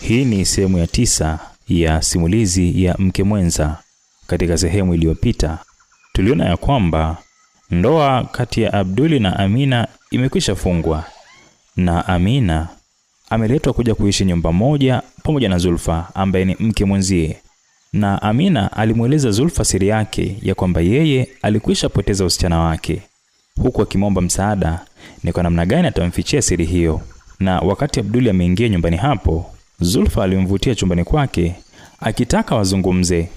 Hii ni sehemu ya tisa ya simulizi ya mke mwenza. Katika sehemu iliyopita, tuliona ya kwamba ndoa kati ya Abduli na Amina imekwisha fungwa na Amina ameletwa kuja kuishi nyumba moja pamoja na Zulfa ambaye ni mke mwenzie, na Amina alimweleza Zulfa siri yake ya kwamba yeye alikwisha poteza usichana wake, huku akimwomba msaada ni kwa namna gani atamfichia siri hiyo. Na wakati Abduli ameingia nyumbani hapo, Zulfa alimvutia chumbani kwake akitaka wazungumze,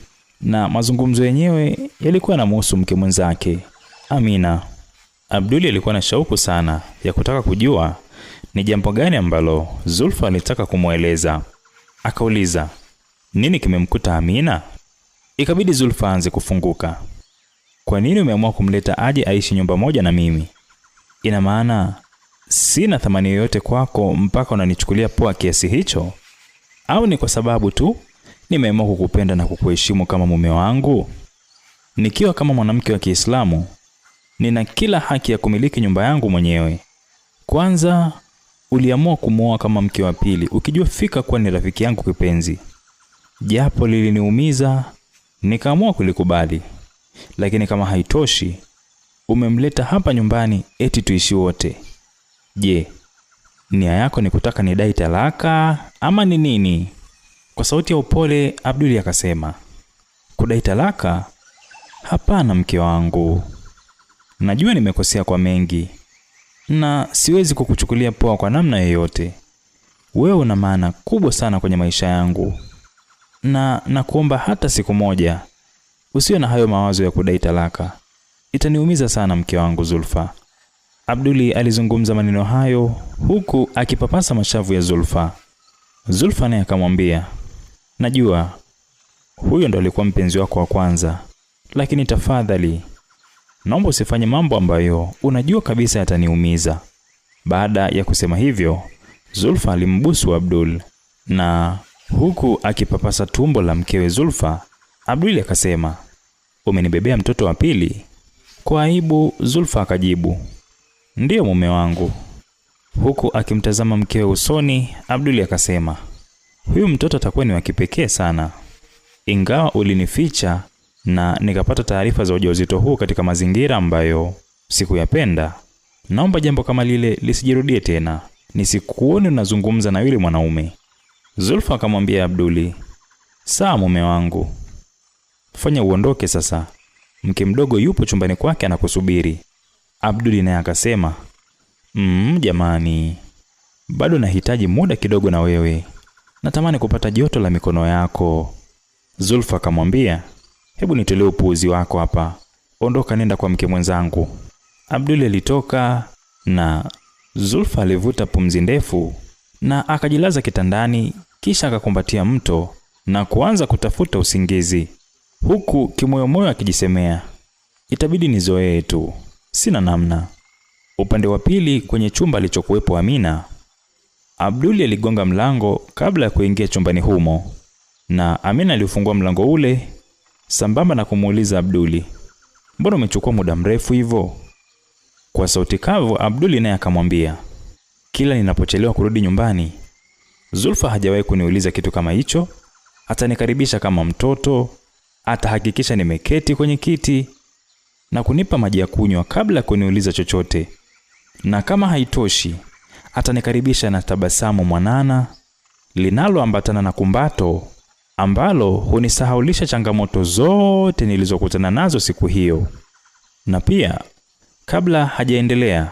na mazungumzo yenyewe yalikuwa yanamhusu mke mwenzake Amina. Abduli alikuwa na shauku sana ya kutaka kujua ni jambo gani ambalo Zulfa alitaka kumweleza. Akauliza, nini kimemkuta Amina? Ikabidi Zulfa aanze kufunguka. Kwa nini umeamua kumleta aje aishi nyumba moja na mimi? Ina maana sina thamani yoyote kwako mpaka unanichukulia poa kiasi hicho? au ni kwa sababu tu nimeamua kukupenda na kukuheshimu kama mume wangu? Nikiwa kama mwanamke wa Kiislamu, nina kila haki ya kumiliki nyumba yangu mwenyewe. Kwanza uliamua kumwoa kama mke wa pili ukijua fika kuwa ni rafiki yangu kipenzi. Japo liliniumiza, nikaamua kulikubali. Lakini kama haitoshi, umemleta hapa nyumbani eti tuishi wote. Je, nia yako ni kutaka nidai talaka ama ni nini? Kwa sauti ya upole Abduli akasema, kudai talaka? Hapana mke wangu, najua nimekosea kwa mengi na siwezi kukuchukulia poa kwa namna yoyote. Wewe una maana kubwa sana kwenye maisha yangu, na nakuomba hata siku moja usiwe na hayo mawazo ya kudai talaka. Itaniumiza sana mke wangu Zulfa. Abduli alizungumza maneno hayo huku akipapasa mashavu ya Zulfa. Zulfa naye akamwambia, najua huyo ndo alikuwa mpenzi wako wa kwanza, lakini tafadhali naomba usifanye mambo ambayo unajua kabisa yataniumiza. Baada ya kusema hivyo, Zulfa alimbusu Abdul na huku akipapasa tumbo la mkewe Zulfa, abduli akasema, umenibebea mtoto wa pili. Kwa aibu, Zulfa akajibu, Ndiyo mume wangu. Huku akimtazama mkewe usoni, Abduli akasema, huyu mtoto atakuwa ni wa kipekee sana. Ingawa ulinificha na nikapata taarifa za ujauzito huu katika mazingira ambayo sikuyapenda, naomba jambo kama lile lisijirudie tena, nisikuone unazungumza na yule mwanaume. Zulfa akamwambia Abduli, saa mume wangu, fanya uondoke sasa, mke mdogo yupo chumbani kwake anakusubiri. Abduli naye akasema mm, jamani, bado nahitaji muda kidogo na wewe, natamani kupata joto la mikono yako. Zulfa akamwambia, hebu nitolee upuuzi wako hapa, ondoka, nenda kwa mke mwenzangu. Abduli alitoka na Zulfa alivuta pumzi ndefu na akajilaza kitandani, kisha akakumbatia mto na kuanza kutafuta usingizi, huku kimoyomoyo akijisemea, itabidi nizoee tu. Sina namna. Upande wa pili kwenye chumba alichokuwepo Amina, Abduli aligonga mlango kabla ya kuingia chumbani humo, na Amina aliufungua mlango ule sambamba na kumuuliza Abduli, mbona umechukua muda mrefu hivyo? Kwa sauti kavu, Abduli naye akamwambia, kila ninapochelewa kurudi nyumbani, Zulfa hajawahi kuniuliza kitu kama hicho. Atanikaribisha kama mtoto, atahakikisha nimeketi kwenye kiti na kunipa maji ya kunywa kabla ya kuniuliza chochote, na kama haitoshi atanikaribisha na tabasamu mwanana linaloambatana na kumbato ambalo hunisahaulisha changamoto zote nilizokutana nazo siku hiyo. Na pia kabla hajaendelea,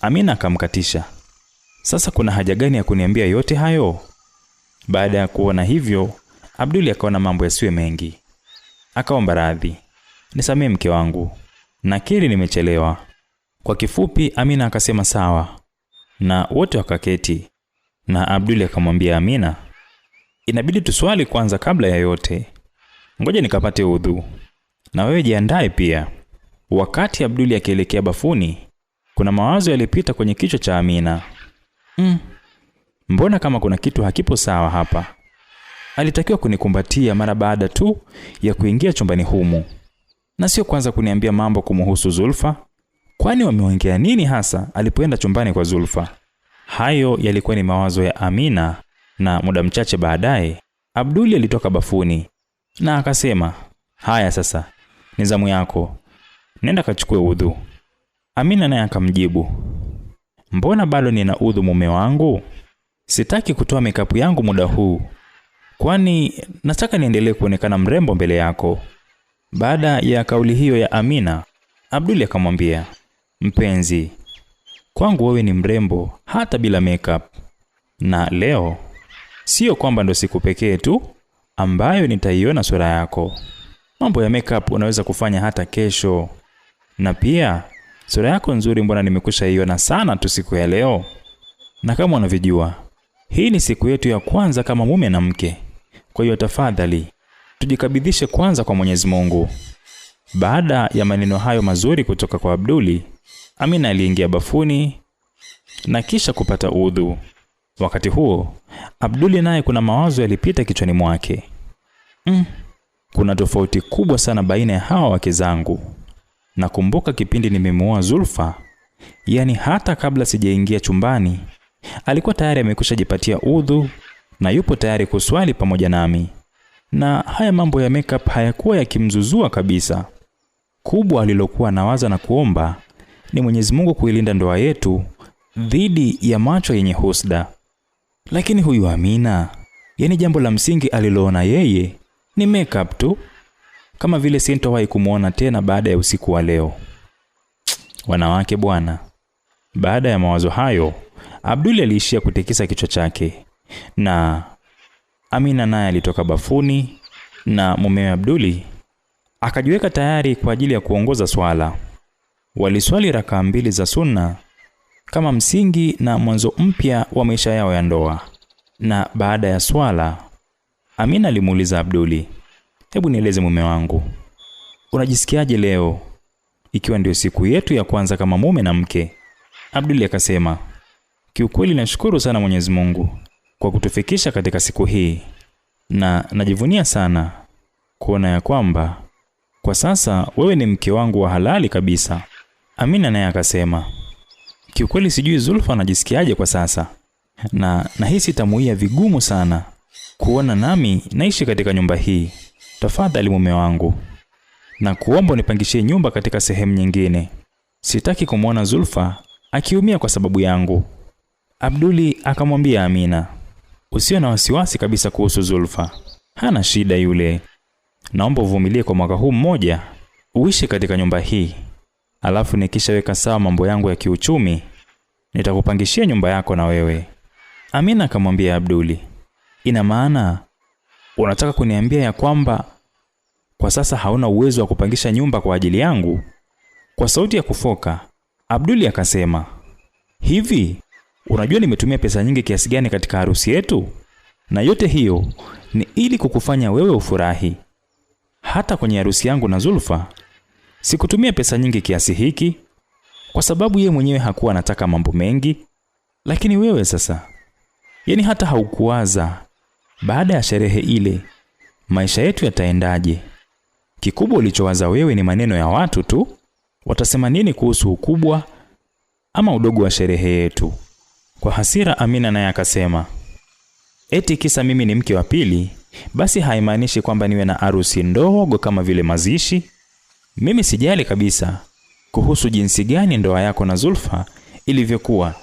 Amina akamkatisha. Sasa kuna haja gani ya kuniambia yote hayo? Baada ya kuona hivyo, Abduli akaona mambo yasiwe mengi, akaomba radhi, nisamee mke wangu, nakiri nimechelewa. Kwa kifupi Amina akasema sawa, na wote wakaketi, na Abduli akamwambia Amina, inabidi tuswali kwanza kabla ya yote, ngoja nikapate udhu na wewe jiandae pia. Wakati Abduli akielekea bafuni, kuna mawazo yalipita kwenye kichwa cha Amina. Mm, mbona kama kuna kitu hakipo sawa hapa? Alitakiwa kunikumbatia mara baada tu ya kuingia chumbani humu na sio kwanza kuniambia mambo kumuhusu Zulfa. Kwani wameongea nini hasa alipoenda chumbani kwa Zulfa? Hayo yalikuwa ni mawazo ya Amina, na muda mchache baadaye Abduli alitoka bafuni na akasema, haya sasa ni zamu yako, nenda kachukue udhu. Amina naye akamjibu, mbona bado nina udhu mume wangu? Sitaki kutoa mikapu yangu muda huu, kwani nataka niendelee kuonekana mrembo mbele yako. Baada ya kauli hiyo ya Amina, Abduli akamwambia, mpenzi, kwangu wewe ni mrembo hata bila makeup, na leo sio kwamba ndo siku pekee tu ambayo nitaiona sura yako. Mambo ya makeup unaweza kufanya hata kesho, na pia sura yako nzuri, mbona nimekusha iona sana tu siku ya leo. Na kama unavyojua, hii ni siku yetu ya kwanza kama mume na mke, kwa hiyo tafadhali tujikabidhishe kwanza kwa Mwenyezi Mungu. Baada ya maneno hayo mazuri kutoka kwa Abduli, Amina aliingia bafuni na kisha kupata udhu. Wakati huo Abduli naye kuna mawazo yalipita kichwani mwake. Mm, kuna tofauti kubwa sana baina ya hawa wake zangu. Nakumbuka kipindi nimemuoa Zulfa, yaani hata kabla sijaingia chumbani alikuwa tayari amekwisha jipatia udhu na yupo tayari kuswali pamoja nami na haya mambo ya makeup hayakuwa yakimzuzua kabisa. Kubwa alilokuwa nawaza na kuomba ni Mwenyezi Mungu kuilinda ndoa yetu dhidi ya macho yenye husda. Lakini huyu Amina, yani jambo la msingi aliloona yeye ni makeup tu, kama vile sintowahi kumwona tena baada ya usiku wa leo. Wanawake bwana. Baada ya mawazo hayo, Abduli aliishia kutikisa kichwa chake na Amina naye alitoka bafuni na mumewe Abduli akajiweka tayari kwa ajili ya kuongoza swala. Waliswali rakaa mbili za sunna kama msingi na mwanzo mpya wa maisha yao ya ndoa. Na baada ya swala, Amina alimuuliza Abduli, hebu nieleze mume wangu, unajisikiaje leo ikiwa ndio siku yetu ya kwanza kama mume na mke? Abduli akasema, kiukweli nashukuru sana Mwenyezi Mungu kwa kutufikisha katika siku hii, na najivunia sana kuona ya kwamba kwa sasa wewe ni mke wangu wa halali kabisa. Amina naye akasema, kiukweli sijui Zulfa anajisikiaje kwa sasa, na nahisi tamuia vigumu sana kuona nami naishi katika nyumba hii. Tafadhali mume wangu, na kuomba unipangishie nyumba katika sehemu nyingine. Sitaki kumwona Zulfa akiumia kwa sababu yangu. Abduli akamwambia Amina usio na wasiwasi kabisa kuhusu Zulfa, hana shida yule. Naomba uvumilie kwa mwaka huu mmoja, uishi katika nyumba hii, alafu nikishaweka sawa mambo yangu ya kiuchumi nitakupangishia nyumba yako na wewe. Amina akamwambia Abduli, ina maana unataka kuniambia ya kwamba kwa sasa hauna uwezo wa kupangisha nyumba kwa ajili yangu? Kwa sauti ya kufoka Abduli akasema, hivi unajua nimetumia pesa nyingi kiasi gani katika harusi yetu? Na yote hiyo ni ili kukufanya wewe ufurahi. Hata kwenye harusi yangu na Zulfa sikutumia pesa nyingi kiasi hiki, kwa sababu ye mwenyewe hakuwa anataka mambo mengi. Lakini wewe sasa, yani hata haukuwaza baada ya sherehe ile maisha yetu yataendaje? Kikubwa ulichowaza wewe ni maneno ya watu tu, watasema nini kuhusu ukubwa ama udogo wa sherehe yetu. Kwa hasira Amina naye akasema, eti kisa mimi ni mke wa pili, basi haimaanishi kwamba niwe na arusi ndogo kama vile mazishi. Mimi sijali kabisa kuhusu jinsi gani ndoa yako na Zulfa ilivyokuwa,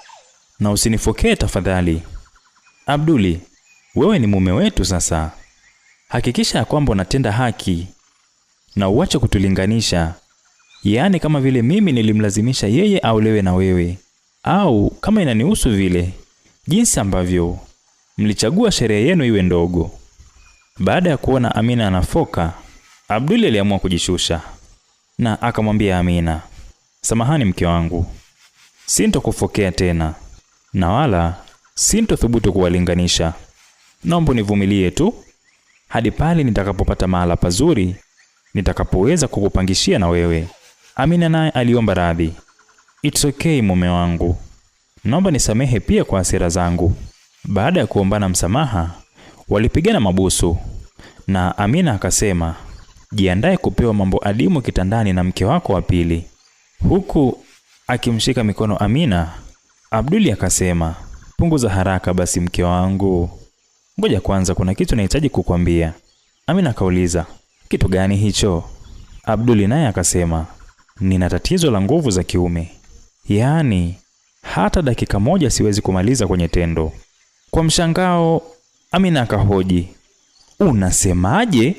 na usinifokee tafadhali. Abduli, wewe ni mume wetu sasa, hakikisha ya kwamba unatenda haki na uache kutulinganisha, yaani kama vile mimi nilimlazimisha yeye aolewe na wewe au kama inanihusu vile, jinsi ambavyo mlichagua sherehe yenu iwe ndogo. Baada ya kuona Amina anafoka, Abduli aliamua kujishusha na akamwambia Amina, samahani mke wangu, sintokufokea tena na wala sintothubutu kuwalinganisha. Naomba nivumilie tu hadi pale nitakapopata mahala pazuri nitakapoweza kukupangishia na wewe. Amina naye aliomba radhi. It's okay mume wangu, naomba nisamehe pia kwa hasira zangu. Baada ya kuombana msamaha, walipigana mabusu na Amina akasema, jiandae kupewa mambo adimu kitandani na mke wako wa pili, huku akimshika mikono Amina. Abduli akasema, punguza haraka basi mke wangu, ngoja kwanza, kuna kitu nahitaji kukwambia. Amina akauliza, kitu gani hicho? Abduli naye akasema, nina tatizo la nguvu za kiume yaani hata dakika moja siwezi kumaliza kwenye tendo. Kwa mshangao, Amina akahoji, unasemaje?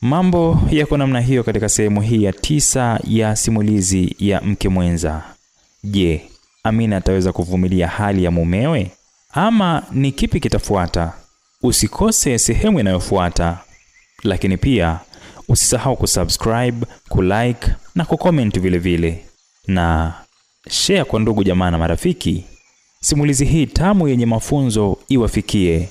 Mambo yako namna hiyo katika sehemu hii ya tisa ya simulizi ya Mke Mwenza. Je, Amina ataweza kuvumilia hali ya mumewe ama ni kipi kitafuata? Usikose sehemu inayofuata, lakini pia usisahau kusubscribe, kulike na kukoment vile vile na share kwa ndugu jamaa na marafiki. Simulizi hii tamu yenye mafunzo iwafikie.